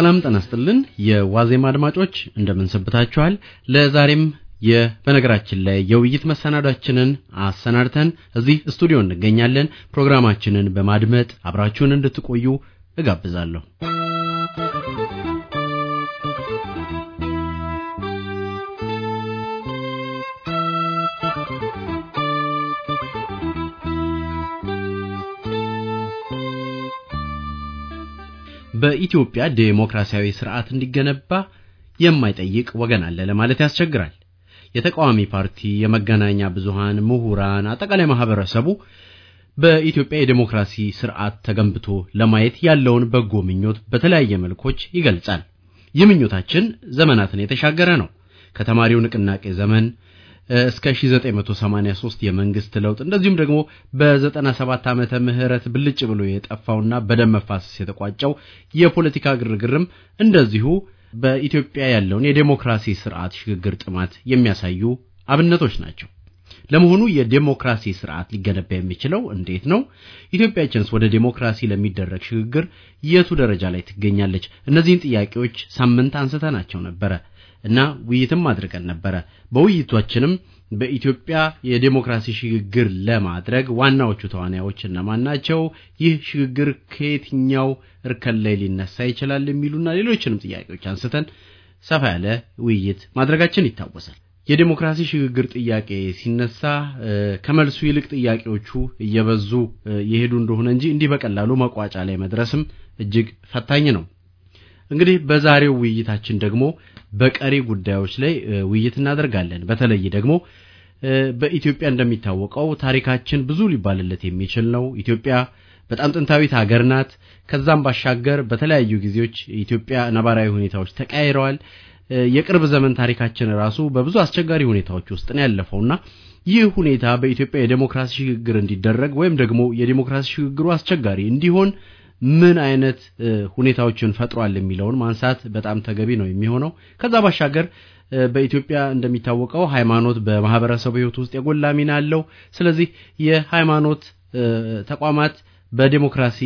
ሰላም ጤና የዋዜማ አድማጮች እንደምን ሰንብታችኋል? ለዛሬም በነገራችን ላይ የውይይት መሰናዷችንን አሰናድተን እዚህ ስቱዲዮ እንገኛለን። ፕሮግራማችንን በማድመጥ አብራችሁን እንድትቆዩ እጋብዛለሁ። በኢትዮጵያ ዴሞክራሲያዊ ስርዓት እንዲገነባ የማይጠይቅ ወገን አለ ለማለት ያስቸግራል። የተቃዋሚ ፓርቲ፣ የመገናኛ ብዙሃን፣ ምሁራን፣ አጠቃላይ ማህበረሰቡ በኢትዮጵያ የዴሞክራሲ ስርዓት ተገንብቶ ለማየት ያለውን በጎ ምኞት በተለያየ መልኮች ይገልጻል። ይህ ምኞታችን ዘመናትን የተሻገረ ነው። ከተማሪው ንቅናቄ ዘመን እስከ 1983 የመንግስት ለውጥ እንደዚሁም ደግሞ በ97 ዓመተ ምህረት ብልጭ ብሎ የጠፋውና በደም መፋሰስ የተቋጨው የፖለቲካ ግርግርም እንደዚሁ በኢትዮጵያ ያለውን የዴሞክራሲ ስርዓት ሽግግር ጥማት የሚያሳዩ አብነቶች ናቸው። ለመሆኑ የዴሞክራሲ ስርዓት ሊገነባ የሚችለው እንዴት ነው? ኢትዮጵያችንስ ወደ ዴሞክራሲ ለሚደረግ ሽግግር የቱ ደረጃ ላይ ትገኛለች? እነዚህን ጥያቄዎች ሳምንት አንስተናቸው ነበረ። እና ውይይትም አድርገን ነበረ። በውይይቶችንም በኢትዮጵያ የዴሞክራሲ ሽግግር ለማድረግ ዋናዎቹ ተዋናዮች እነማን ናቸው? ይህ ሽግግር ከየትኛው እርከን ላይ ሊነሳ ይችላል? የሚሉና ሌሎችንም ጥያቄዎች አንስተን ሰፋ ያለ ውይይት ማድረጋችን ይታወሳል። የዴሞክራሲ ሽግግር ጥያቄ ሲነሳ ከመልሱ ይልቅ ጥያቄዎቹ እየበዙ የሄዱ እንደሆነ እንጂ እንዲህ በቀላሉ መቋጫ ላይ መድረስም እጅግ ፈታኝ ነው። እንግዲህ በዛሬው ውይይታችን ደግሞ በቀሪ ጉዳዮች ላይ ውይይት እናደርጋለን። በተለይ ደግሞ በኢትዮጵያ እንደሚታወቀው ታሪካችን ብዙ ሊባልለት የሚችል ነው። ኢትዮጵያ በጣም ጥንታዊት ሀገር ናት። ከዛም ባሻገር በተለያዩ ጊዜዎች ኢትዮጵያ ነባራዊ ሁኔታዎች ተቀያይረዋል። የቅርብ ዘመን ታሪካችን ራሱ በብዙ አስቸጋሪ ሁኔታዎች ውስጥ ነው ያለፈውና ይህ ሁኔታ በኢትዮጵያ የዴሞክራሲ ሽግግር እንዲደረግ ወይም ደግሞ የዴሞክራሲ ሽግግሩ አስቸጋሪ እንዲሆን ምን አይነት ሁኔታዎችን ፈጥሯል የሚለውን ማንሳት በጣም ተገቢ ነው የሚሆነው። ከዛ ባሻገር በኢትዮጵያ እንደሚታወቀው ሃይማኖት በማህበረሰቡ ህይወት ውስጥ የጎላ ሚና አለው። ስለዚህ የሃይማኖት ተቋማት በዴሞክራሲ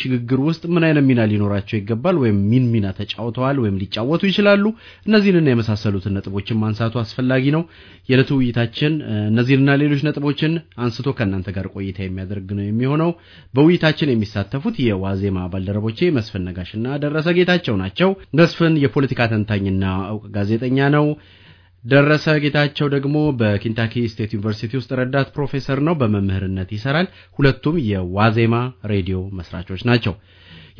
ሽግግር ውስጥ ምን አይነት ሚና ሊኖራቸው ይገባል ወይም ሚን ሚና ተጫውተዋል ወይም ሊጫወቱ ይችላሉ? እነዚህንና የመሳሰሉትን ነጥቦችን ማንሳቱ አስፈላጊ ነው። የዕለቱ ውይይታችን እነዚህንና ሌሎች ነጥቦችን አንስቶ ከእናንተ ጋር ቆይታ የሚያደርግ ነው የሚሆነው። በውይይታችን የሚሳተፉት የዋዜማ ባልደረቦቼ መስፍን ነጋሽና ደረሰ ጌታቸው ናቸው። መስፍን የፖለቲካ ተንታኝና ጋዜጠኛ ነው። ደረሰ ጌታቸው ደግሞ በኬንታኪ ስቴት ዩኒቨርሲቲ ውስጥ ረዳት ፕሮፌሰር ነው፣ በመምህርነት ይሰራል። ሁለቱም የዋዜማ ሬዲዮ መስራቾች ናቸው።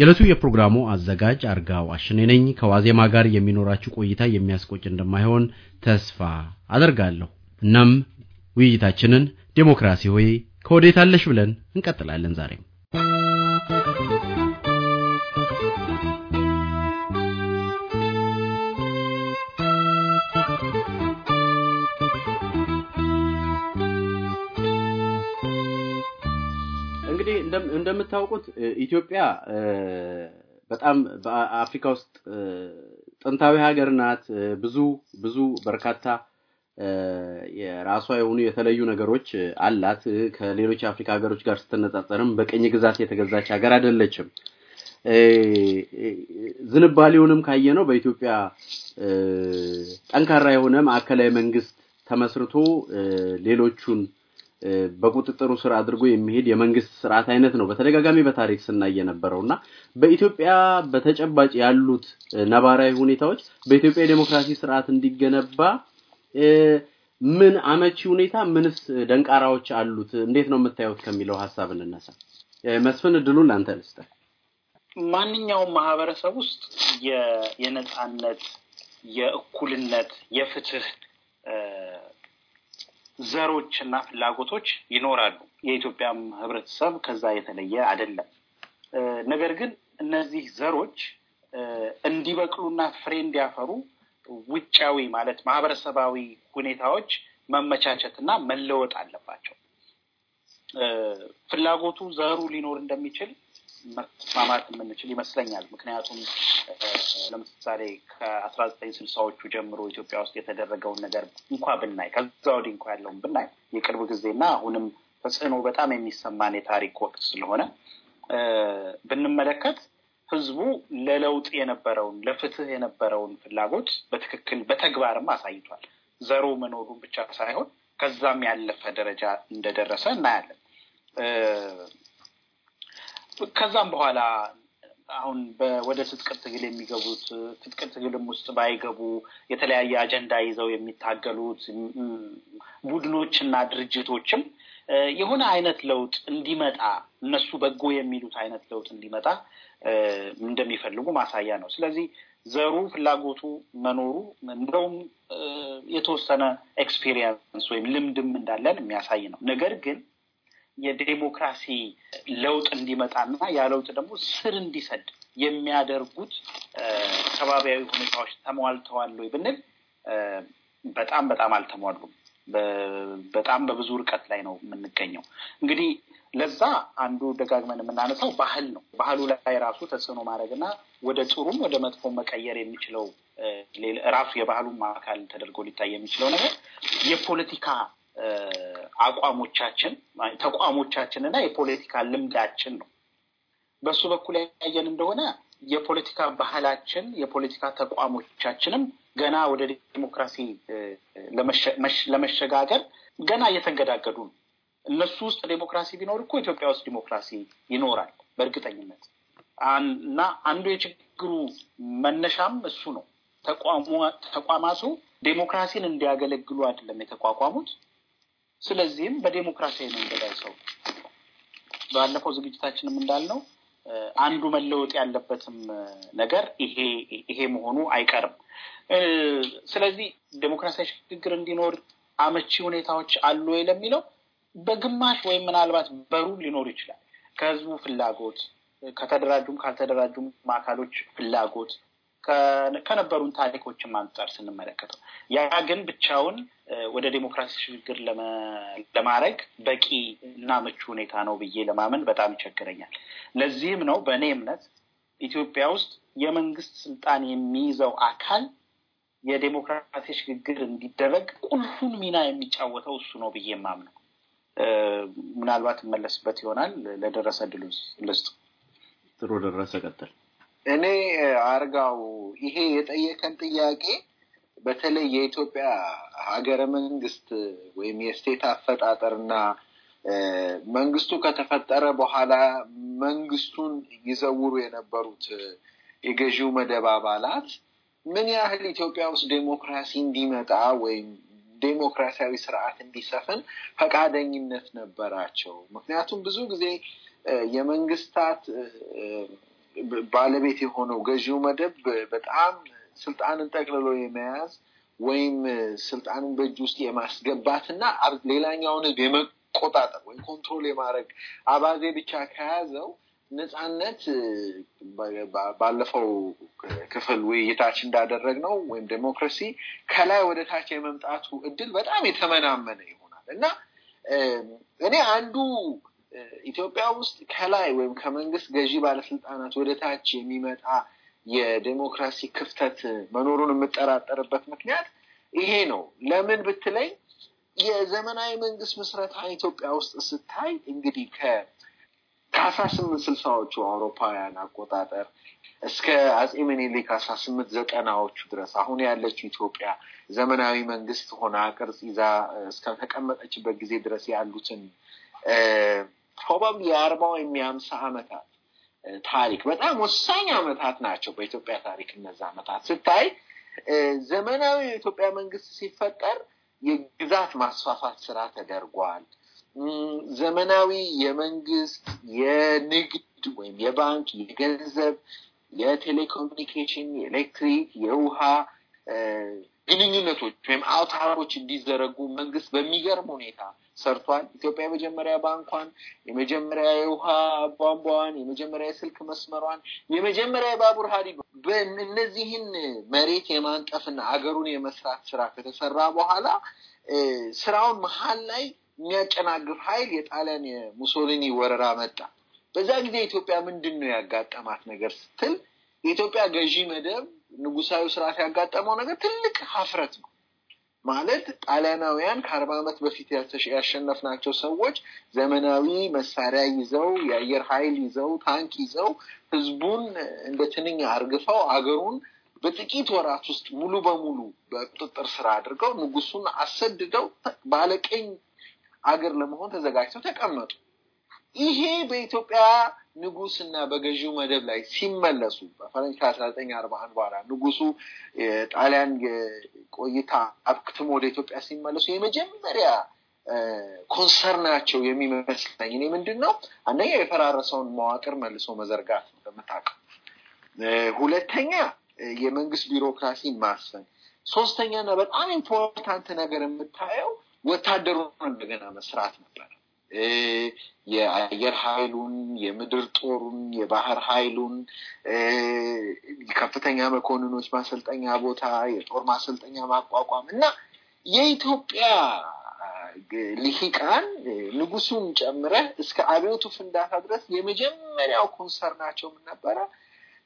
የዕለቱ የፕሮግራሙ አዘጋጅ አርጋው አሽኔ ነኝ። ከዋዜማ ጋር የሚኖራችሁ ቆይታ የሚያስቆጭ እንደማይሆን ተስፋ አደርጋለሁ። እናም ውይይታችንን ዴሞክራሲ ሆይ ከወዴታለሽ ብለን እንቀጥላለን ዛሬም እንደምታውቁት ኢትዮጵያ በጣም በአፍሪካ ውስጥ ጥንታዊ ሀገር ናት። ብዙ ብዙ በርካታ የራሷ የሆኑ የተለዩ ነገሮች አላት። ከሌሎች የአፍሪካ ሀገሮች ጋር ስትነጻጸርም በቀኝ ግዛት የተገዛች ሀገር አይደለችም። ዝንባሌውንም ነው በኢትዮጵያ ጠንካራ የሆነ ማዕከላዊ መንግስት ተመስርቶ ሌሎቹን በቁጥጥሩ ስር አድርጎ የሚሄድ የመንግስት ስርዓት አይነት ነው በተደጋጋሚ በታሪክ ስናይ የነበረው እና በኢትዮጵያ በተጨባጭ ያሉት ነባራዊ ሁኔታዎች በኢትዮጵያ የዴሞክራሲ ስርዓት እንዲገነባ ምን አመቺ ሁኔታ ምንስ ደንቃራዎች አሉት? እንዴት ነው የምታዩት ከሚለው ሀሳብ እንነሳ። መስፍን እድሉን ላንተ ልስጠ ማንኛውም ማህበረሰብ ውስጥ የነፃነት፣ የእኩልነት፣ የፍትህ ዘሮች እና ፍላጎቶች ይኖራሉ። የኢትዮጵያም ህብረተሰብ ከዛ የተለየ አይደለም። ነገር ግን እነዚህ ዘሮች እንዲበቅሉና ፍሬ እንዲያፈሩ ውጫዊ ማለት ማህበረሰባዊ ሁኔታዎች እና መለወጥ አለባቸው። ፍላጎቱ ዘሩ ሊኖር እንደሚችል መስማማት የምንችል ይመስለኛል። ምክንያቱም ለምሳሌ ከአስራ ዘጠኝ ስልሳዎቹ ጀምሮ ኢትዮጵያ ውስጥ የተደረገውን ነገር እንኳ ብናይ ከዛ ወዲህ እንኳ ያለውን ብናይ የቅርብ ጊዜና አሁንም ተጽዕኖ በጣም የሚሰማን የታሪክ ወቅት ስለሆነ ብንመለከት ህዝቡ ለለውጥ የነበረውን ለፍትህ የነበረውን ፍላጎት በትክክል በተግባርም አሳይቷል። ዘሮ መኖሩን ብቻ ሳይሆን ከዛም ያለፈ ደረጃ እንደደረሰ እናያለን። ከዛም በኋላ አሁን ወደ ትጥቅ ትግል የሚገቡት ትጥቅ ትግልም ውስጥ ባይገቡ የተለያየ አጀንዳ ይዘው የሚታገሉት ቡድኖች እና ድርጅቶችም የሆነ አይነት ለውጥ እንዲመጣ እነሱ በጎ የሚሉት አይነት ለውጥ እንዲመጣ እንደሚፈልጉ ማሳያ ነው። ስለዚህ ዘሩ ፍላጎቱ መኖሩ እንደውም የተወሰነ ኤክስፒሪየንስ ወይም ልምድም እንዳለን የሚያሳይ ነው። ነገር ግን የዴሞክራሲ ለውጥ እንዲመጣና ያ ለውጥ ደግሞ ስር እንዲሰድ የሚያደርጉት ከባቢያዊ ሁኔታዎች ተሟልተዋል ወይ ብንል በጣም በጣም አልተሟሉም። በጣም በብዙ ርቀት ላይ ነው የምንገኘው። እንግዲህ ለዛ አንዱ ደጋግመን የምናነሳው ባህል ነው። ባህሉ ላይ ራሱ ተጽዕኖ ና ወደ ጥሩም ወደ መጥፎ መቀየር የሚችለው ራሱ የባህሉ አካል ተደርጎ ሊታይ የሚችለው ነገር የፖለቲካ አቋሞቻችን ተቋሞቻችን እና የፖለቲካ ልምዳችን ነው። በሱ በኩል ያየን እንደሆነ የፖለቲካ ባህላችን የፖለቲካ ተቋሞቻችንም ገና ወደ ዲሞክራሲ ለመሸጋገር ገና እየተንገዳገዱ ነው። እነሱ ውስጥ ዲሞክራሲ ቢኖር እኮ ኢትዮጵያ ውስጥ ዲሞክራሲ ይኖራል በእርግጠኝነት እና አንዱ የችግሩ መነሻም እሱ ነው። ተቋማቱ ዴሞክራሲን እንዲያገለግሉ አይደለም የተቋቋሙት ስለዚህም በዴሞክራሲያዊ መንገድ አይሰው ባለፈው ዝግጅታችንም እንዳልነው አንዱ መለወጥ ያለበትም ነገር ይሄ ይሄ መሆኑ አይቀርም። ስለዚህ ዴሞክራሲያዊ ሽግግር እንዲኖር አመቺ ሁኔታዎች አሉ ወይ ለሚለው በግማሽ ወይም ምናልባት በሩብ ሊኖር ይችላል። ከህዝቡ ፍላጎት ከተደራጁም ካልተደራጁም አካሎች ፍላጎት ከነበሩን ታሪኮችም አንጻር ስንመለከተው ያ ግን ብቻውን ወደ ዴሞክራሲ ሽግግር ለማድረግ በቂ እና ምቹ ሁኔታ ነው ብዬ ለማመን በጣም ይቸግረኛል። ለዚህም ነው በእኔ እምነት ኢትዮጵያ ውስጥ የመንግስት ስልጣን የሚይዘው አካል የዴሞክራሲ ሽግግር እንዲደረግ ቁልፉን ሚና የሚጫወተው እሱ ነው ብዬ የማምነው። ምናልባት እመለስበት ይሆናል። ለደረሰ ድሉ ልስጥ። ጥሩ ደረሰ ቀጥል እኔ አርጋው ይሄ የጠየቀን ጥያቄ በተለይ የኢትዮጵያ ሀገረ መንግስት ወይም የስቴት አፈጣጠርና መንግስቱ ከተፈጠረ በኋላ መንግስቱን ይዘውሩ የነበሩት የገዢው መደብ አባላት ምን ያህል ኢትዮጵያ ውስጥ ዴሞክራሲ እንዲመጣ ወይም ዴሞክራሲያዊ ስርዓት እንዲሰፍን ፈቃደኝነት ነበራቸው? ምክንያቱም ብዙ ጊዜ የመንግስታት ባለቤት የሆነው ገዢው መደብ በጣም ስልጣንን ጠቅልሎ የመያዝ ወይም ስልጣንን በእጅ ውስጥ የማስገባትና ሌላኛውን የመቆጣጠር ወይም ኮንትሮል የማድረግ አባዜ ብቻ ከያዘው ነፃነት ባለፈው ክፍል ውይይታችን እንዳደረግ ነው ወይም ዴሞክራሲ ከላይ ወደ ታች የመምጣቱ እድል በጣም የተመናመነ ይሆናል እና እኔ አንዱ ኢትዮጵያ ውስጥ ከላይ ወይም ከመንግስት ገዢ ባለስልጣናት ወደ ታች የሚመጣ የዴሞክራሲ ክፍተት መኖሩን የምጠራጠርበት ምክንያት ይሄ ነው። ለምን ብትለኝ የዘመናዊ መንግስት ምስረታ ኢትዮጵያ ውስጥ ስታይ እንግዲህ ከአስራ ስምንት ስልሳዎቹ አውሮፓውያን አቆጣጠር እስከ አጼ ምኒልክ አስራ ስምንት ዘጠናዎቹ ድረስ አሁን ያለችው ኢትዮጵያ ዘመናዊ መንግስት ሆና ቅርጽ ይዛ እስከተቀመጠችበት ጊዜ ድረስ ያሉትን ፕሮባብሊ የአርባ ወይም የአምሳ ዓመታት ታሪክ በጣም ወሳኝ ዓመታት ናቸው። በኢትዮጵያ ታሪክ እነዛ ዓመታት ስታይ ዘመናዊ የኢትዮጵያ መንግስት ሲፈጠር የግዛት ማስፋፋት ስራ ተደርጓል። ዘመናዊ የመንግስት የንግድ ወይም የባንክ፣ የገንዘብ፣ የቴሌኮሙኒኬሽን፣ የኤሌክትሪክ፣ የውሃ ግንኙነቶች ወይም አውታሮች እንዲዘረጉ መንግስት በሚገርም ሁኔታ ሰርቷል። ኢትዮጵያ የመጀመሪያ ባንኳን፣ የመጀመሪያ የውሃ ቧንቧዋን፣ የመጀመሪያ የስልክ መስመሯን፣ የመጀመሪያ የባቡር ሀዲዷ እነዚህን መሬት የማንጠፍና አገሩን የመስራት ስራ ከተሰራ በኋላ ስራውን መሀል ላይ የሚያጨናግፍ ኃይል የጣሊያን የሙሶሊኒ ወረራ መጣ። በዛ ጊዜ ኢትዮጵያ ምንድን ነው ያጋጠማት ነገር ስትል የኢትዮጵያ ገዢ መደብ ንጉሳዊ ስርዓት ያጋጠመው ነገር ትልቅ ሀፍረት ነው። ማለት ጣሊያናውያን ከአርባ ዓመት በፊት ያሸነፍናቸው ሰዎች ዘመናዊ መሳሪያ ይዘው የአየር ኃይል ይዘው ታንክ ይዘው ህዝቡን እንደ ትንኝ አርግፈው አገሩን በጥቂት ወራት ውስጥ ሙሉ በሙሉ በቁጥጥር ስራ አድርገው ንጉሱን አሰድደው ባለቀኝ አገር ለመሆን ተዘጋጅተው ተቀመጡ። ይሄ በኢትዮጵያ ንጉስና በገዢው መደብ ላይ ሲመለሱ በፈረንጅ ከአስራ ዘጠኝ አርባ አንድ በኋላ ንጉሱ የጣሊያን ቆይታ አክትሞ ወደ ኢትዮጵያ ሲመለሱ የመጀመሪያ ኮንሰርናቸው የሚመስለኝ እኔ ምንድን ነው አንደኛ የፈራረሰውን መዋቅር መልሶ መዘርጋት ነው ሁለተኛ የመንግስት ቢሮክራሲን ማስፈን ሶስተኛና በጣም ኢምፖርታንት ነገር የምታየው ወታደሩን እንደገና መስራት ነበር የአየር ኃይሉን፣ የምድር ጦሩን፣ የባህር ኃይሉን፣ ከፍተኛ መኮንኖች ማሰልጠኛ ቦታ፣ የጦር ማሰልጠኛ ማቋቋም እና የኢትዮጵያ ልሂቃን ንጉሱን ጨምረህ እስከ አብዮቱ ፍንዳታ ድረስ የመጀመሪያው ኮንሰር ናቸው ነበረ?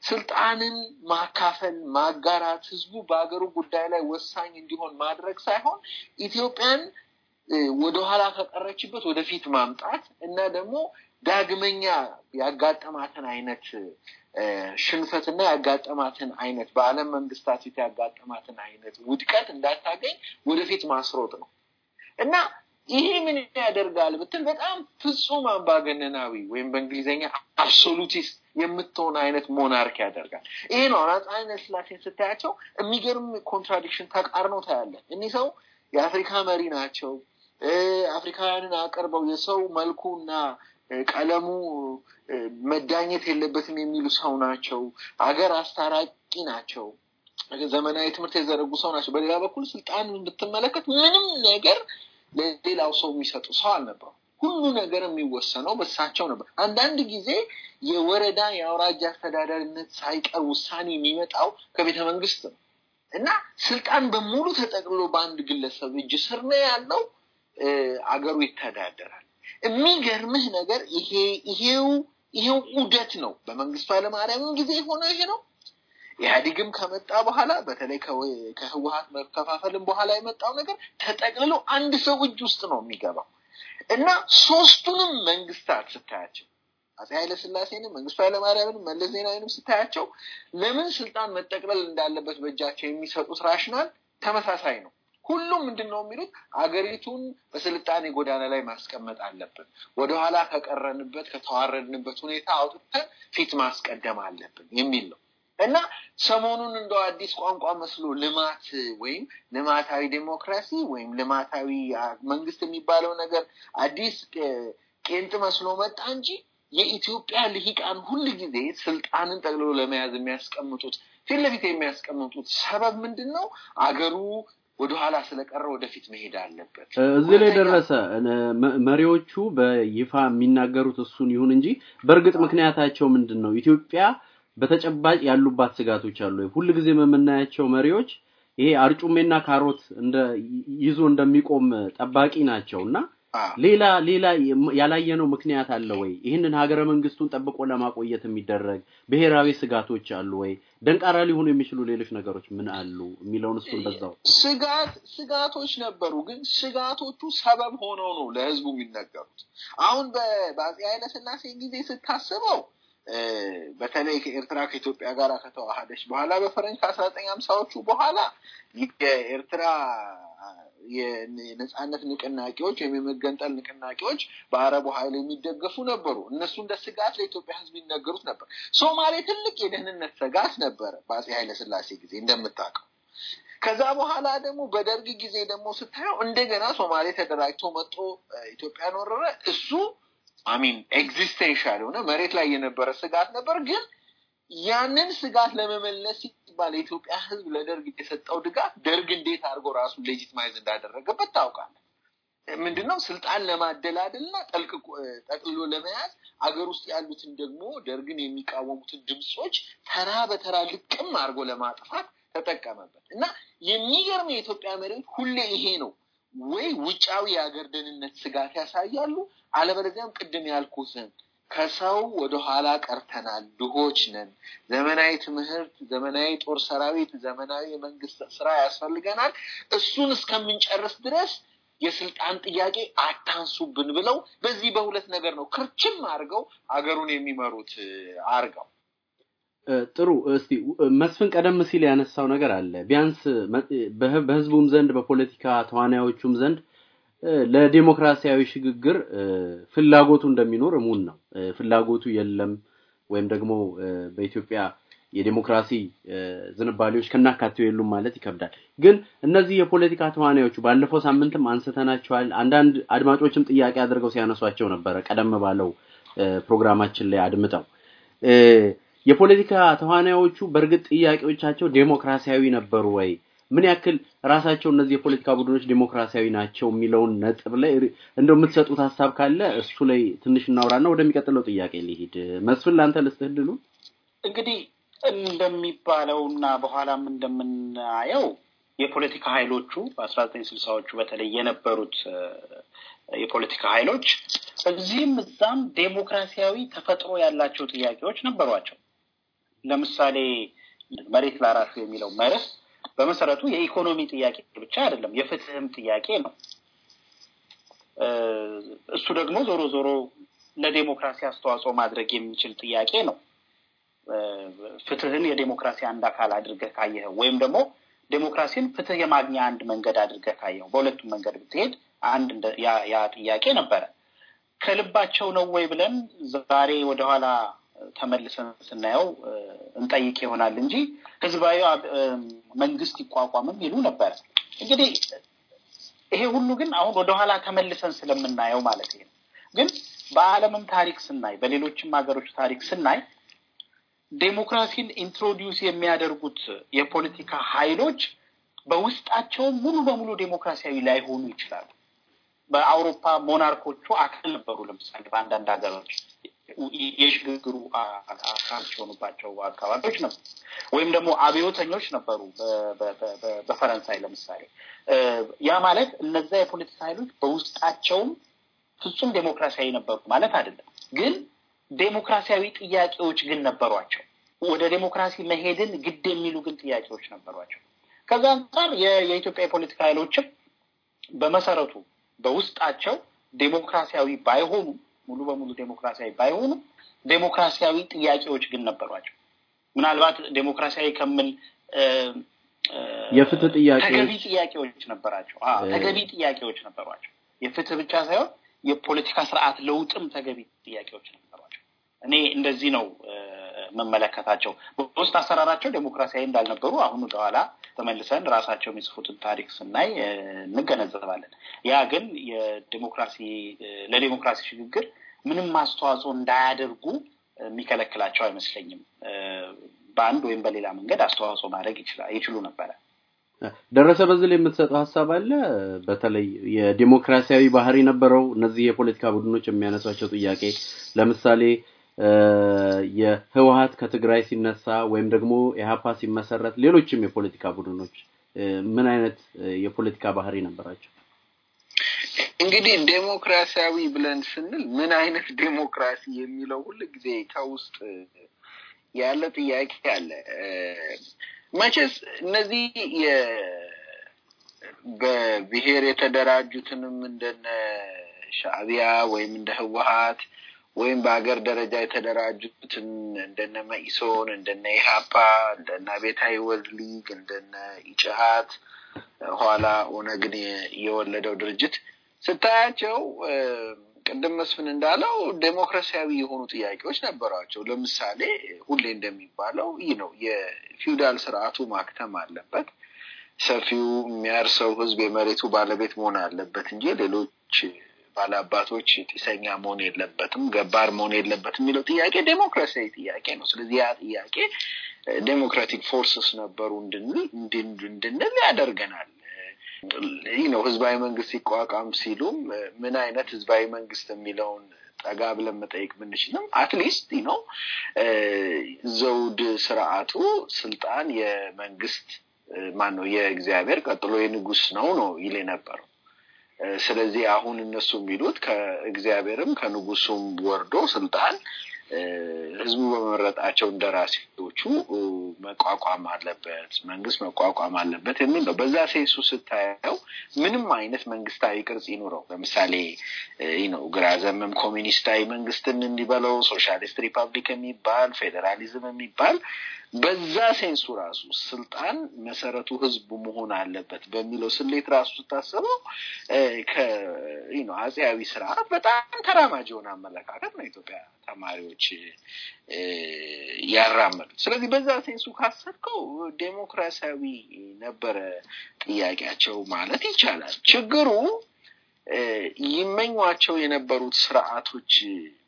ስልጣንን ማካፈል፣ ማጋራት፣ ህዝቡ በሀገሩ ጉዳይ ላይ ወሳኝ እንዲሆን ማድረግ ሳይሆን ኢትዮጵያን ወደኋላ ከቀረችበት ወደፊት ማምጣት እና ደግሞ ዳግመኛ ያጋጠማትን አይነት ሽንፈት እና ያጋጠማትን አይነት በዓለም መንግስታት ፊት ያጋጠማትን አይነት ውድቀት እንዳታገኝ ወደፊት ማስሮጥ ነው እና ይሄ ምን ያደርጋል ብትል በጣም ፍጹም አምባገነናዊ ወይም በእንግሊዝኛ አብሶሉቲስት የምትሆን አይነት ሞናርክ ያደርጋል። ይሄ ነው አፄ ስላሴን ስታያቸው የሚገርም ኮንትራዲክሽን ተቃርነው ታያለን። እኒህ ሰው የአፍሪካ መሪ ናቸው። አፍሪካውያንን አቅርበው የሰው መልኩ እና ቀለሙ መዳኘት የለበትም የሚሉ ሰው ናቸው። አገር አስታራቂ ናቸው። ዘመናዊ ትምህርት የዘረጉ ሰው ናቸው። በሌላ በኩል ስልጣን ብትመለከት ምንም ነገር ለሌላው ሰው የሚሰጡ ሰው አልነበሩ። ሁሉ ነገር የሚወሰነው በሳቸው ነበር። አንዳንድ ጊዜ የወረዳ የአውራጃ አስተዳዳሪነት ሳይቀር ውሳኔ የሚመጣው ከቤተ መንግስት ነው እና ስልጣን በሙሉ ተጠቅልሎ በአንድ ግለሰብ እጅ ስር ነው ያለው። አገሩ ይተዳደራል። የሚገርምህ ነገር ይሄ ይሄው ይሄው ዑደት ነው። በመንግስቱ ኃይለማርያምም ጊዜ የሆነ ይሄ ነው። ኢህአዲግም ከመጣ በኋላ በተለይ ከህወሀት መከፋፈልም በኋላ የመጣው ነገር ተጠቅልሎ አንድ ሰው እጅ ውስጥ ነው የሚገባው እና ሶስቱንም መንግስታት ስታያቸው አፄ ኃይለ ስላሴንም መንግስቱ ኃይለማርያምንም መለስ ዜናዊንም ስታያቸው ለምን ስልጣን መጠቅለል እንዳለበት በእጃቸው የሚሰጡት ራሽናል ተመሳሳይ ነው። ሁሉም ምንድን ነው የሚሉት አገሪቱን በስልጣኔ ጎዳና ላይ ማስቀመጥ አለብን። ወደኋላ ከቀረንበት ከተዋረድንበት ሁኔታ አውጥተን ፊት ማስቀደም አለብን የሚል ነው እና ሰሞኑን እንደው አዲስ ቋንቋ መስሎ ልማት ወይም ልማታዊ ዴሞክራሲ ወይም ልማታዊ መንግስት የሚባለው ነገር አዲስ ቄንጥ መስሎ መጣ እንጂ የኢትዮጵያ ልሂቃን ሁል ጊዜ ስልጣንን ጠቅልሎ ለመያዝ የሚያስቀምጡት ፊት ለፊት የሚያስቀምጡት ሰበብ ምንድን ነው? አገሩ ወደኋላ ስለቀረ ወደፊት መሄድ አለበት። እዚህ ላይ ደረሰ። መሪዎቹ በይፋ የሚናገሩት እሱን ይሁን እንጂ በእርግጥ ምክንያታቸው ምንድን ነው? ኢትዮጵያ በተጨባጭ ያሉባት ስጋቶች አሉ። ሁል ጊዜ የምናያቸው መሪዎች ይሄ አርጩሜና ካሮት ይዞ እንደሚቆም ጠባቂ ናቸው እና ሌላ ሌላ ያላየነው ምክንያት አለ ወይ? ይህንን ሀገረ መንግስቱን ጠብቆ ለማቆየት የሚደረግ ብሔራዊ ስጋቶች አሉ ወይ? ደንቃራ ሊሆኑ የሚችሉ ሌሎች ነገሮች ምን አሉ የሚለውን እሱን በዛው ስጋት ስጋቶች ነበሩ፣ ግን ስጋቶቹ ሰበብ ሆነው ነው ለህዝቡ የሚነገሩት። አሁን በአፄ ኃይለስላሴ ጊዜ ስታስበው በተለይ ከኤርትራ ከኢትዮጵያ ጋር ከተዋሃደች በኋላ በፈረንጅ ከአስራ ዘጠኝ ሀምሳዎቹ በኋላ የኤርትራ የነጻነት ንቅናቄዎች ወይም የመገንጠል ንቅናቄዎች በአረቡ ኃይል የሚደገፉ ነበሩ። እነሱ እንደ ስጋት ለኢትዮጵያ ህዝብ ይነገሩት ነበር። ሶማሌ ትልቅ የደህንነት ስጋት ነበረ በአፄ ኃይለስላሴ ጊዜ እንደምታውቀው። ከዛ በኋላ ደግሞ በደርግ ጊዜ ደግሞ ስታየው እንደገና ሶማሌ ተደራጅቶ መጥቶ ኢትዮጵያን ወረረ። እሱ አሚን ኤግዚስቴንሻል የሆነ መሬት ላይ የነበረ ስጋት ነበር ግን ያንን ስጋት ለመመለስ ባለ የኢትዮጵያ ህዝብ ለደርግ የሰጠው ድጋፍ ደርግ እንዴት አድርጎ ራሱን ሌጂትማይዝ እንዳደረገበት ታውቃለህ። ምንድነው ስልጣን ለማደላደልና ጠልቅ ጠቅልሎ ለመያዝ አገር ውስጥ ያሉትን ደግሞ ደርግን የሚቃወሙትን ድምፆች ተራ በተራ ልቅም አድርጎ ለማጥፋት ተጠቀመበት እና የሚገርም የኢትዮጵያ መሪዎች ሁሌ ይሄ ነው ወይ ውጫዊ የሀገር ደህንነት ስጋት ያሳያሉ፣ አለበለዚያም ቅድም ያልኩትን ከሰው ወደኋላ ቀርተናል፣ ድሆች ነን። ዘመናዊ ትምህርት፣ ዘመናዊ ጦር ሰራዊት፣ ዘመናዊ የመንግስት ስራ ያስፈልገናል። እሱን እስከምንጨርስ ድረስ የስልጣን ጥያቄ አታንሱብን ብለው በዚህ በሁለት ነገር ነው ክርችም አድርገው አገሩን የሚመሩት አድርገው። ጥሩ እስቲ መስፍን ቀደም ሲል ያነሳው ነገር አለ ቢያንስ በህዝቡም ዘንድ በፖለቲካ ተዋናዮቹም ዘንድ ለዲሞክራሲያዊ ሽግግር ፍላጎቱ እንደሚኖር እሙን ነው። ፍላጎቱ የለም ወይም ደግሞ በኢትዮጵያ የዲሞክራሲ ዝንባሌዎች ከናካቴው የሉም ማለት ይከብዳል። ግን እነዚህ የፖለቲካ ተዋናዮቹ ባለፈው ሳምንትም አንስተናቸዋል። አንዳንድ አድማጮችም ጥያቄ አድርገው ሲያነሷቸው ነበረ። ቀደም ባለው ፕሮግራማችን ላይ አድምጠው የፖለቲካ ተዋናዮቹ በእርግጥ ጥያቄዎቻቸው ዴሞክራሲያዊ ነበሩ ወይ ምን ያክል ራሳቸው እነዚህ የፖለቲካ ቡድኖች ዴሞክራሲያዊ ናቸው የሚለውን ነጥብ ላይ እንደ የምትሰጡት ሀሳብ ካለ እሱ ላይ ትንሽ እናውራና ወደሚቀጥለው ጥያቄ ሊሄድ መስፍን ለአንተ ልስጥህ ድሉ። እንግዲህ እንደሚባለው እና በኋላም እንደምናየው የፖለቲካ ሀይሎቹ በአስራ ዘጠኝ ስልሳዎቹ በተለይ የነበሩት የፖለቲካ ኃይሎች እዚህም እዛም ዴሞክራሲያዊ ተፈጥሮ ያላቸው ጥያቄዎች ነበሯቸው። ለምሳሌ መሬት ለአራት የሚለው መርህ በመሰረቱ የኢኮኖሚ ጥያቄ ብቻ አይደለም፣ የፍትህም ጥያቄ ነው። እሱ ደግሞ ዞሮ ዞሮ ለዴሞክራሲ አስተዋጽኦ ማድረግ የሚችል ጥያቄ ነው። ፍትህን የዴሞክራሲ አንድ አካል አድርገህ ካየኸው ወይም ደግሞ ዴሞክራሲን ፍትህ የማግኛ አንድ መንገድ አድርገህ ካየኸው በሁለቱም መንገድ ብትሄድ አንድ ያ ጥያቄ ነበረ። ከልባቸው ነው ወይ ብለን ዛሬ ወደኋላ ተመልሰን ስናየው እንጠይቅ ይሆናል እንጂ ህዝባዊ መንግስት ይቋቋምም ይሉ ነበር። እንግዲህ ይሄ ሁሉ ግን አሁን ወደኋላ ተመልሰን ስለምናየው ማለት ነው። ግን በዓለምም ታሪክ ስናይ፣ በሌሎችም ሀገሮች ታሪክ ስናይ ዴሞክራሲን ኢንትሮዲውስ የሚያደርጉት የፖለቲካ ኃይሎች በውስጣቸው ሙሉ በሙሉ ዴሞክራሲያዊ ላይሆኑ ይችላሉ። በአውሮፓ ሞናርኮቹ አካል ነበሩ። ለምሳሌ በአንዳንድ ሀገሮች የሽግግሩ አካል ሲሆኑባቸው አካባቢዎች ነበሩ። ወይም ደግሞ አብዮተኞች ነበሩ በፈረንሳይ ለምሳሌ። ያ ማለት እነዛ የፖለቲካ ኃይሎች በውስጣቸውም ፍጹም ዴሞክራሲያዊ ነበሩ ማለት አይደለም። ግን ዴሞክራሲያዊ ጥያቄዎች ግን ነበሯቸው። ወደ ዴሞክራሲ መሄድን ግድ የሚሉ ግን ጥያቄዎች ነበሯቸው። ከዛ አንጻር የኢትዮጵያ የፖለቲካ ኃይሎችም በመሰረቱ በውስጣቸው ዴሞክራሲያዊ ባይሆኑ ሙሉ በሙሉ ዴሞክራሲያዊ ባይሆኑ ዴሞክራሲያዊ ጥያቄዎች ግን ነበሯቸው። ምናልባት ዴሞክራሲያዊ ከምል የፍትህ ጥያቄ ተገቢ ጥያቄዎች ነበራቸው። ተገቢ ጥያቄዎች ነበሯቸው። የፍትህ ብቻ ሳይሆን የፖለቲካ ስርዓት ለውጥም ተገቢ ጥያቄዎች ነበሩ። እኔ እንደዚህ ነው መመለከታቸው በውስጥ አሰራራቸው ዴሞክራሲያዊ እንዳልነበሩ አሁኑ ወደኋላ ተመልሰን ራሳቸው የሚጽፉትን ታሪክ ስናይ እንገነዘባለን። ያ ግን የዴሞክራሲ ለዴሞክራሲ ሽግግር ምንም አስተዋጽኦ እንዳያደርጉ የሚከለክላቸው አይመስለኝም። በአንድ ወይም በሌላ መንገድ አስተዋጽኦ ማድረግ ይችሉ ነበረ። ደረሰ፣ በዚህ ላይ የምትሰጠው ሀሳብ አለ? በተለይ የዴሞክራሲያዊ ባህሪ ነበረው እነዚህ የፖለቲካ ቡድኖች የሚያነሷቸው ጥያቄ ለምሳሌ የህወሀት ከትግራይ ሲነሳ ወይም ደግሞ ኢህአፓ ሲመሰረት ሌሎችም የፖለቲካ ቡድኖች ምን አይነት የፖለቲካ ባህሪ ነበራቸው? እንግዲህ ዴሞክራሲያዊ ብለን ስንል ምን አይነት ዴሞክራሲ የሚለው ሁል ጊዜ ከውስጥ ያለ ጥያቄ አለ። መቼስ እነዚህ በብሔር የተደራጁትንም እንደነ ሻቢያ ወይም እንደ ህወሀት ወይም በሀገር ደረጃ የተደራጁትን እንደነ መኢሶን፣ እንደነ ኢሃፓ፣ እንደነ ቤታ ወልድ ሊግ፣ እንደነ ኢጭሀት ኋላ ኦነግን የወለደው ድርጅት ስታያቸው ቅድም መስፍን እንዳለው ዴሞክራሲያዊ የሆኑ ጥያቄዎች ነበሯቸው። ለምሳሌ ሁሌ እንደሚባለው ይህ ነው የፊውዳል ስርዓቱ ማክተም አለበት። ሰፊው የሚያርሰው ህዝብ የመሬቱ ባለቤት መሆን አለበት እንጂ ሌሎች ባለአባቶች ጢሰኛ መሆን የለበትም፣ ገባር መሆን የለበትም የሚለው ጥያቄ ዴሞክራሲያዊ ጥያቄ ነው። ስለዚህ ያ ጥያቄ ዴሞክራቲክ ፎርስስ ነበሩ እንድንል ያደርገናል። ይህ ነው ህዝባዊ መንግስት ሲቋቋም ሲሉም ምን አይነት ህዝባዊ መንግስት የሚለውን ጠጋ ብለን መጠየቅ ብንችልም አትሊስት ነው ዘውድ ስርዓቱ ስልጣን የመንግስት ማን ነው የእግዚአብሔር ቀጥሎ የንጉስ ነው ነው ይል የነበረው ስለዚህ አሁን እነሱ የሚሉት ከእግዚአብሔርም ከንጉሱም ወርዶ ስልጣን ህዝቡ በመረጣቸው እንደራሴዎቹ መቋቋም አለበት፣ መንግስት መቋቋም አለበት የሚል ነው። በዛ ሴሱ ስታየው ምንም አይነት መንግስታዊ ቅርጽ ይኑረው፣ ለምሳሌ ነው ግራ ዘመም ኮሚኒስታዊ መንግስትን እንዲበለው፣ ሶሻሊስት ሪፐብሊክ የሚባል ፌዴራሊዝም የሚባል በዛ ሴንሱ ራሱ ስልጣን መሰረቱ ህዝቡ መሆን አለበት በሚለው ስሌት ራሱ ስታስበው አፄያዊ ስርዓት በጣም ተራማጅ የሆነ አመለካከት ነው ኢትዮጵያ ተማሪዎች ያራመዱት። ስለዚህ በዛ ሴንሱ ካሰብከው ዴሞክራሲያዊ ነበረ ጥያቄያቸው ማለት ይቻላል። ችግሩ ይመኟቸው የነበሩት ስርዓቶች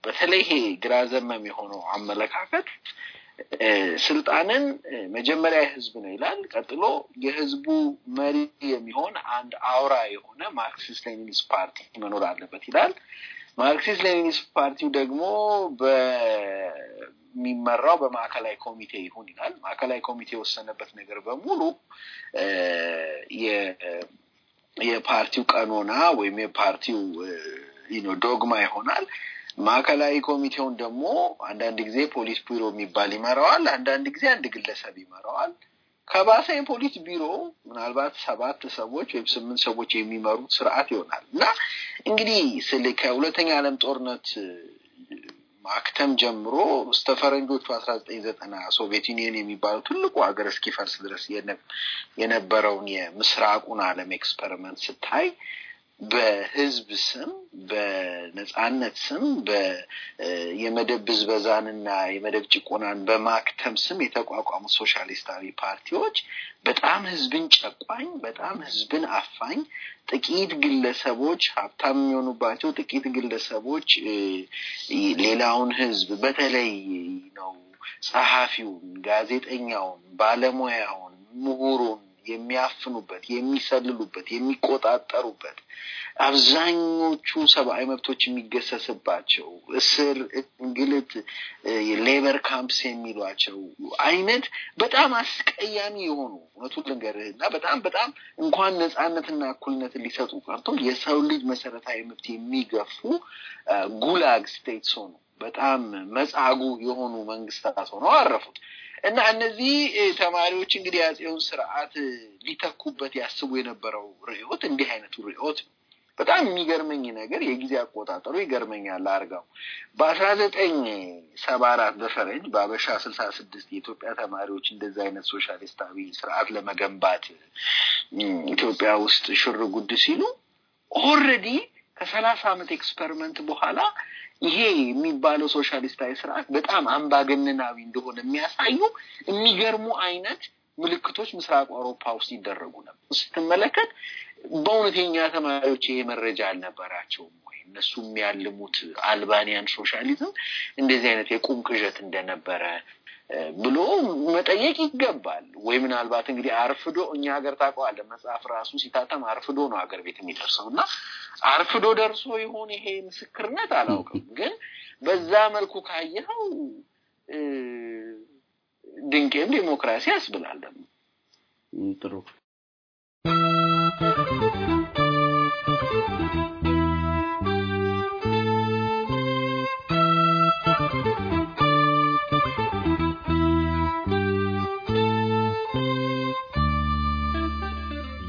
በተለይ ይሄ ግራ ዘመም የሆነው አመለካከት ስልጣንን መጀመሪያ የህዝብ ነው ይላል። ቀጥሎ የህዝቡ መሪ የሚሆን አንድ አውራ የሆነ ማርክሲስት ሌኒንስ ፓርቲ መኖር አለበት ይላል። ማርክሲስት ሌኒንስ ፓርቲው ደግሞ በሚመራው በማዕከላዊ ኮሚቴ ይሁን ይላል። ማዕከላዊ ኮሚቴ የወሰነበት ነገር በሙሉ የፓርቲው ቀኖና ወይም የፓርቲው ዶግማ ይሆናል። ማዕከላዊ ኮሚቴውን ደግሞ አንዳንድ ጊዜ ፖሊስ ቢሮ የሚባል ይመራዋል፣ አንዳንድ ጊዜ አንድ ግለሰብ ይመራዋል። ከባሰ የፖሊስ ቢሮ ምናልባት ሰባት ሰዎች ወይም ስምንት ሰዎች የሚመሩት ስርዓት ይሆናል እና እንግዲህ ስል ከሁለተኛ ዓለም ጦርነት ማክተም ጀምሮ እስከ ፈረንጆቹ አስራ ዘጠኝ ዘጠና ሶቪየት ዩኒየን የሚባለው ትልቁ ሀገር እስኪፈርስ ድረስ የነበረውን የምስራቁን ዓለም ኤክስፐሪመንት ስታይ በህዝብ ስም በነጻነት ስም የመደብ ብዝበዛንና የመደብ ጭቆናን በማክተም ስም የተቋቋሙ ሶሻሊስታዊ ፓርቲዎች በጣም ህዝብን ጨቋኝ፣ በጣም ህዝብን አፋኝ፣ ጥቂት ግለሰቦች ሀብታም የሚሆኑባቸው ጥቂት ግለሰቦች ሌላውን ህዝብ በተለይ ነው ጸሐፊውን፣ ጋዜጠኛውን፣ ባለሙያውን፣ ምሁሩን የሚያፍኑበት፣ የሚሰልሉበት፣ የሚቆጣጠሩበት አብዛኞቹ ሰብአዊ መብቶች የሚገሰስባቸው እስር፣ እንግልት፣ ሌበር ካምፕስ የሚሏቸው አይነት በጣም አስቀያሚ የሆኑ እውነቱን ልንገርህ እና በጣም በጣም እንኳን ነጻነትና እኩልነትን ሊሰጡ ቀርቶ የሰው ልጅ መሰረታዊ መብት የሚገፉ ጉላግ ስቴትስ ሆኑ በጣም መጻጉ የሆኑ መንግስታት ሆነው አረፉት። እና እነዚህ ተማሪዎች እንግዲህ የአፄውን ስርዓት ሊተኩበት ያስቡ የነበረው ርዕዮት እንዲህ አይነቱ ርዕዮት ነው። በጣም የሚገርመኝ ነገር የጊዜ አቆጣጠሩ ይገርመኛል። አርጋው በአስራ ዘጠኝ ሰባ አራት በፈረንጅ በአበሻ ስልሳ ስድስት የኢትዮጵያ ተማሪዎች እንደዚ አይነት ሶሻሊስታዊ ስርዓት ለመገንባት ኢትዮጵያ ውስጥ ሽር ጉድ ሲሉ ኦልሬዲ ከሰላሳ ዓመት ኤክስፐሪመንት በኋላ ይሄ የሚባለው ሶሻሊስታዊ ስርዓት በጣም አምባገነናዊ እንደሆነ የሚያሳዩ የሚገርሙ አይነት ምልክቶች ምስራቅ አውሮፓ ውስጥ ይደረጉ ነበር። ስትመለከት በእውነት የኛ ተማሪዎች ይሄ መረጃ አልነበራቸውም ወይ? እነሱ የሚያልሙት አልባኒያን ሶሻሊዝም እንደዚህ አይነት የቁም ቅዠት እንደነበረ ብሎ መጠየቅ ይገባል። ወይ ምናልባት እንግዲህ አርፍዶ እኛ ሀገር ታውቀዋለህ፣ መጽሐፍ ራሱ ሲታተም አርፍዶ ነው ሀገር ቤት የሚደርሰው እና አርፍዶ ደርሶ ይሆን ይሄ ምስክርነት አላውቅም። ግን በዛ መልኩ ካየኸው ድንቄም ዴሞክራሲ ያስብላል ደግሞ ጥሩ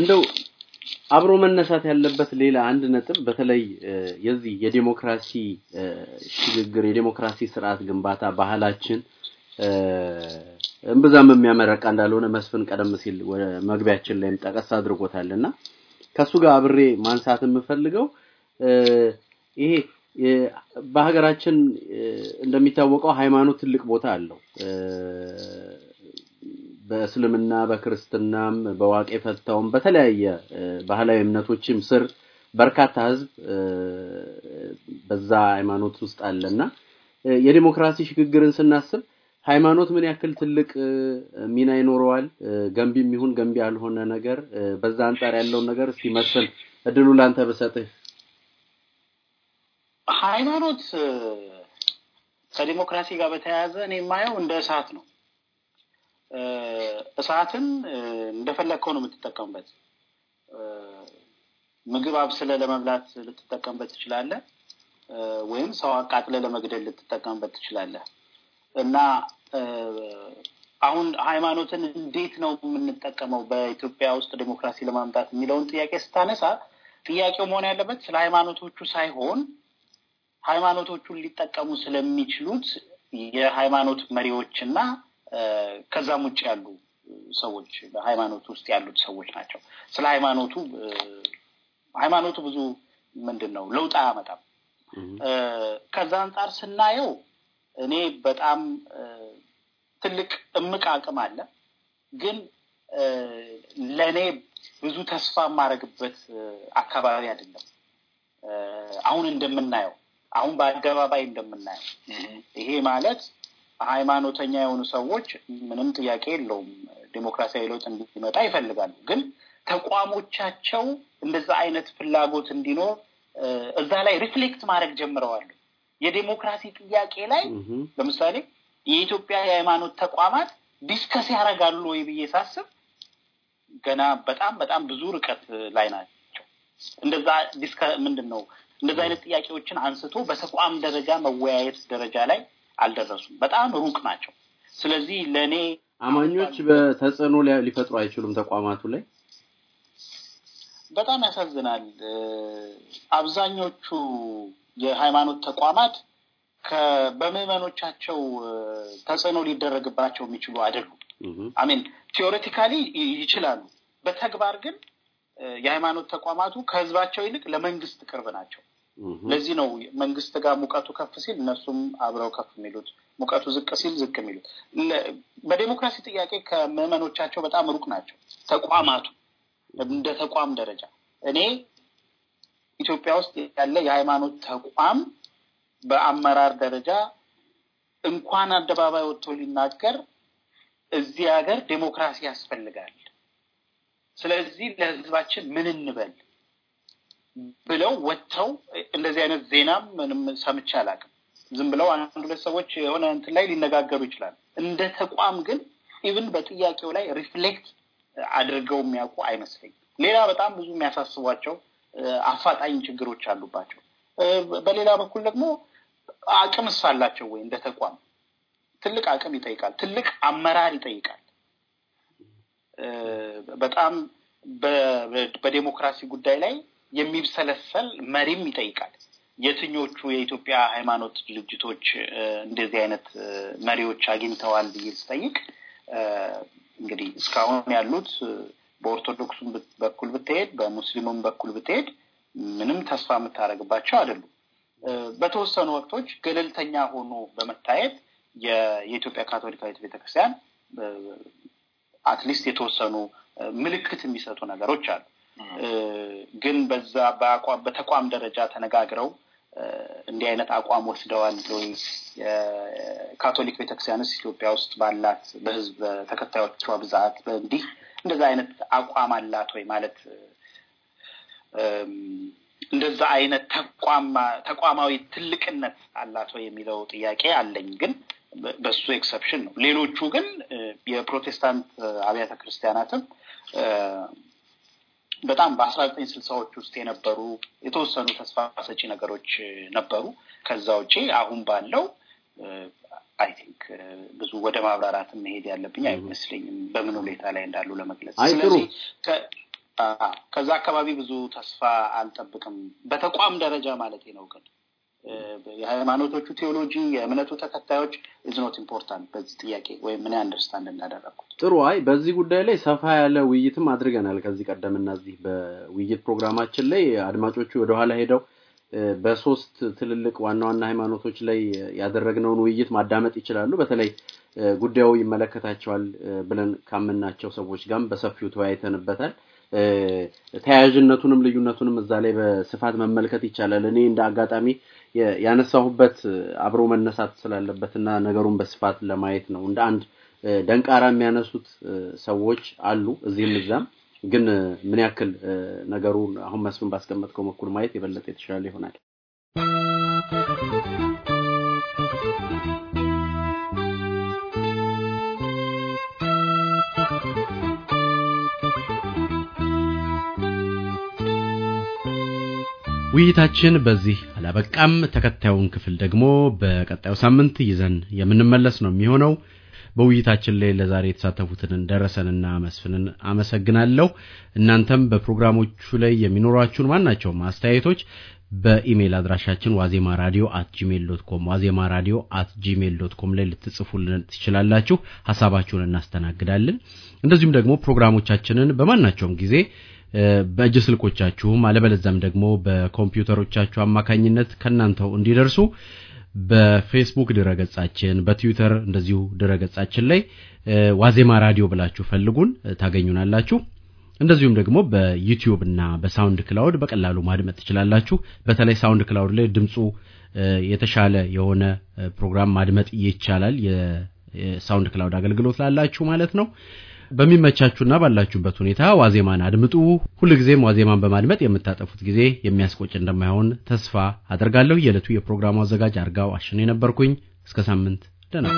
እንደው አብሮ መነሳት ያለበት ሌላ አንድ ነጥብ በተለይ የዚህ የዴሞክራሲ ሽግግር የዴሞክራሲ ስርዓት ግንባታ ባህላችን እምብዛም የሚያመረቃ እንዳልሆነ መስፍን ቀደም ሲል መግቢያችን ላይም ጠቀስ አድርጎታልና ከሱ ጋር አብሬ ማንሳት የምፈልገው ይሄ በሀገራችን እንደሚታወቀው ሃይማኖት ትልቅ ቦታ አለው። በእስልምና በክርስትናም በዋቅ ፈታውም በተለያየ ባህላዊ እምነቶችም ስር በርካታ ህዝብ በዛ ሃይማኖት ውስጥ አለና የዲሞክራሲ ሽግግርን ስናስብ ሃይማኖት ምን ያክል ትልቅ ሚና ይኖረዋል፣ ገንቢም የሚሆን ገንቢ ያልሆነ ነገር፣ በዛ አንጻር ያለውን ነገር እስቲ መስል እድሉ ላንተ ብሰጥህ። ሃይማኖት ከዲሞክራሲ ጋር በተያያዘ እኔ የማየው እንደ እሳት ነው። እሳትን እንደፈለግከው ነው የምትጠቀምበት። ምግብ አብስለ ለመብላት ልትጠቀምበት ትችላለህ፣ ወይም ሰው አቃጥለ ለመግደል ልትጠቀምበት ትችላለህ እና አሁን ሃይማኖትን እንዴት ነው የምንጠቀመው በኢትዮጵያ ውስጥ ዴሞክራሲ ለማምጣት የሚለውን ጥያቄ ስታነሳ ጥያቄው መሆን ያለበት ስለ ሃይማኖቶቹ ሳይሆን ሃይማኖቶቹን ሊጠቀሙ ስለሚችሉት የሃይማኖት መሪዎችና ከዛም ውጭ ያሉ ሰዎች በሃይማኖት ውስጥ ያሉት ሰዎች ናቸው። ስለ ሃይማኖቱ ሃይማኖቱ ብዙ ምንድን ነው ለውጥ አያመጣም። ከዛ አንጻር ስናየው እኔ በጣም ትልቅ እምቅ አቅም አለ፣ ግን ለእኔ ብዙ ተስፋ የማደርግበት አካባቢ አይደለም። አሁን እንደምናየው አሁን በአደባባይ እንደምናየው ይሄ ማለት ሃይማኖተኛ የሆኑ ሰዎች ምንም ጥያቄ የለውም ዴሞክራሲያዊ ለውጥ እንዲመጣ ይፈልጋሉ። ግን ተቋሞቻቸው እንደዛ አይነት ፍላጎት እንዲኖር እዛ ላይ ሪፍሌክት ማድረግ ጀምረዋል። የዴሞክራሲ ጥያቄ ላይ ለምሳሌ የኢትዮጵያ የሃይማኖት ተቋማት ዲስከስ ያደርጋሉ ወይ ብዬ ሳስብ ገና በጣም በጣም ብዙ ርቀት ላይ ናቸው። እንደዛ ዲስከ ምንድን ነው እንደዛ አይነት ጥያቄዎችን አንስቶ በተቋም ደረጃ መወያየት ደረጃ ላይ አልደረሱም። በጣም ሩቅ ናቸው። ስለዚህ ለእኔ አማኞች በተጽዕኖ ሊፈጥሩ አይችሉም ተቋማቱ ላይ በጣም ያሳዝናል። አብዛኞቹ የሃይማኖት ተቋማት በምዕመኖቻቸው ተጽዕኖ ሊደረግባቸው የሚችሉ አይደሉም። አሜን ቲዎሬቲካሊ ይችላሉ። በተግባር ግን የሃይማኖት ተቋማቱ ከህዝባቸው ይልቅ ለመንግስት ቅርብ ናቸው። ለዚህ ነው መንግስት ጋር ሙቀቱ ከፍ ሲል እነሱም አብረው ከፍ የሚሉት፣ ሙቀቱ ዝቅ ሲል ዝቅ የሚሉት። በዴሞክራሲ ጥያቄ ከምዕመኖቻቸው በጣም ሩቅ ናቸው ተቋማቱ። እንደ ተቋም ደረጃ እኔ ኢትዮጵያ ውስጥ ያለ የሃይማኖት ተቋም በአመራር ደረጃ እንኳን አደባባይ ወጥቶ ሊናገር እዚህ ሀገር ዴሞክራሲ ያስፈልጋል። ስለዚህ ለህዝባችን ምን እንበል ብለው ወጥተው እንደዚህ አይነት ዜና ምንም ሰምቼ አላውቅም። ዝም ብለው አንድ ሁለት ሰዎች የሆነ እንትን ላይ ሊነጋገሩ ይችላል። እንደ ተቋም ግን ኢቭን በጥያቄው ላይ ሪፍሌክት አድርገው የሚያውቁ አይመስለኝም። ሌላ በጣም ብዙ የሚያሳስቧቸው አፋጣኝ ችግሮች አሉባቸው። በሌላ በኩል ደግሞ አቅምስ አላቸው ወይ? እንደ ተቋም ትልቅ አቅም ይጠይቃል፣ ትልቅ አመራር ይጠይቃል። በጣም በዴሞክራሲ ጉዳይ ላይ የሚብሰለሰል መሪም ይጠይቃል። የትኞቹ የኢትዮጵያ ሃይማኖት ድርጅቶች እንደዚህ አይነት መሪዎች አግኝተዋል ብዬ ስጠይቅ እንግዲህ እስካሁን ያሉት በኦርቶዶክሱም በኩል ብትሄድ፣ በሙስሊሙም በኩል ብትሄድ ምንም ተስፋ የምታደርግባቸው አይደሉም። በተወሰኑ ወቅቶች ገለልተኛ ሆኖ በመታየት የኢትዮጵያ ካቶሊካዊት ቤተክርስቲያን አትሊስት የተወሰኑ ምልክት የሚሰጡ ነገሮች አሉ። ግን በዛ በተቋም ደረጃ ተነጋግረው እንዲህ አይነት አቋም ወስደዋል ወይ? የካቶሊክ ቤተክርስቲያንስ ኢትዮጵያ ውስጥ ባላት በህዝብ ተከታዮቿ ብዛት እንዲህ እንደዛ አይነት አቋም አላት ወይ? ማለት እንደዛ አይነት ተቋማዊ ትልቅነት አላት ወይ የሚለው ጥያቄ አለኝ። ግን በሱ ኤክሰፕሽን ነው። ሌሎቹ ግን የፕሮቴስታንት አብያተ ክርስቲያናትም በጣም በአስራ ዘጠኝ ስልሳዎች ውስጥ የነበሩ የተወሰኑ ተስፋ ሰጪ ነገሮች ነበሩ። ከዛ ውጪ አሁን ባለው አይ ቲንክ ብዙ ወደ ማብራራት መሄድ ያለብኝ አይመስለኝም፣ በምን ሁኔታ ላይ እንዳሉ ለመግለጽ። ስለዚህ ከዛ አካባቢ ብዙ ተስፋ አልጠብቅም፣ በተቋም ደረጃ ማለት ነው ግን የሃይማኖቶቹ ቴዎሎጂ የእምነቱ ተከታዮች ኢዝኖት ኢምፖርታንት በዚህ ጥያቄ ወይም ምን አንደርስታንድ እናደረግኩት ጥሩ። አይ በዚህ ጉዳይ ላይ ሰፋ ያለ ውይይትም አድርገናል ከዚህ ቀደምና እዚህ በውይይት ፕሮግራማችን ላይ አድማጮቹ ወደኋላ ሄደው በሶስት ትልልቅ ዋና ዋና ሃይማኖቶች ላይ ያደረግነውን ውይይት ማዳመጥ ይችላሉ። በተለይ ጉዳዩ ይመለከታቸዋል ብለን ካምናቸው ሰዎች ጋርም በሰፊው ተወያይተንበታል። ተያያዥነቱንም ልዩነቱንም እዛ ላይ በስፋት መመልከት ይቻላል። እኔ እንደ አጋጣሚ ያነሳሁበት አብሮ መነሳት ስላለበትና ነገሩን በስፋት ለማየት ነው። እንደ አንድ ደንቃራ የሚያነሱት ሰዎች አሉ እዚህም እዛም። ግን ምን ያክል ነገሩን አሁን መስፍን ባስቀመጥከው በኩል ማየት የበለጠ የተሻለ ይሆናል። ውይይታችን በዚህ አላበቃም። ተከታዩን ክፍል ደግሞ በቀጣዩ ሳምንት ይዘን የምንመለስ ነው የሚሆነው። በውይይታችን ላይ ለዛሬ የተሳተፉትን ደረሰንና መስፍንን አመሰግናለሁ። እናንተም በፕሮግራሞቹ ላይ የሚኖሯችሁን ማናቸውም አስተያየቶች በኢሜይል አድራሻችን ዋዜማ ራዲዮ አት ጂሜል ዶት ኮም ዋዜማ ራዲዮ አት ጂሜል ዶት ኮም ላይ ልትጽፉልን ትችላላችሁ። ሀሳባችሁን እናስተናግዳለን። እንደዚሁም ደግሞ ፕሮግራሞቻችንን በማናቸውም ጊዜ በእጅ ስልኮቻችሁም አለበለዚያም ደግሞ በኮምፒውተሮቻችሁ አማካኝነት ከእናንተው እንዲደርሱ በፌስቡክ ድረገጻችን፣ በትዊተር እንደዚሁ ድረገጻችን ላይ ዋዜማ ራዲዮ ብላችሁ ፈልጉን ታገኙናላችሁ። እንደዚሁም ደግሞ በዩቲዩብ እና በሳውንድ ክላውድ በቀላሉ ማድመጥ ትችላላችሁ። በተለይ ሳውንድ ክላውድ ላይ ድምፁ የተሻለ የሆነ ፕሮግራም ማድመጥ ይቻላል። የሳውንድ ክላውድ አገልግሎት ላላችሁ ማለት ነው። በሚመቻችሁና ባላችሁበት ሁኔታ ዋዜማን አድምጡ። ሁልጊዜም ዋዜማን በማድመጥ የምታጠፉት ጊዜ የሚያስቆጭ እንደማይሆን ተስፋ አደርጋለሁ። የዕለቱ የፕሮግራሙ አዘጋጅ አርጋው አሽኔ ነበርኩኝ። እስከ ሳምንት ደህና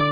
ቆዩ።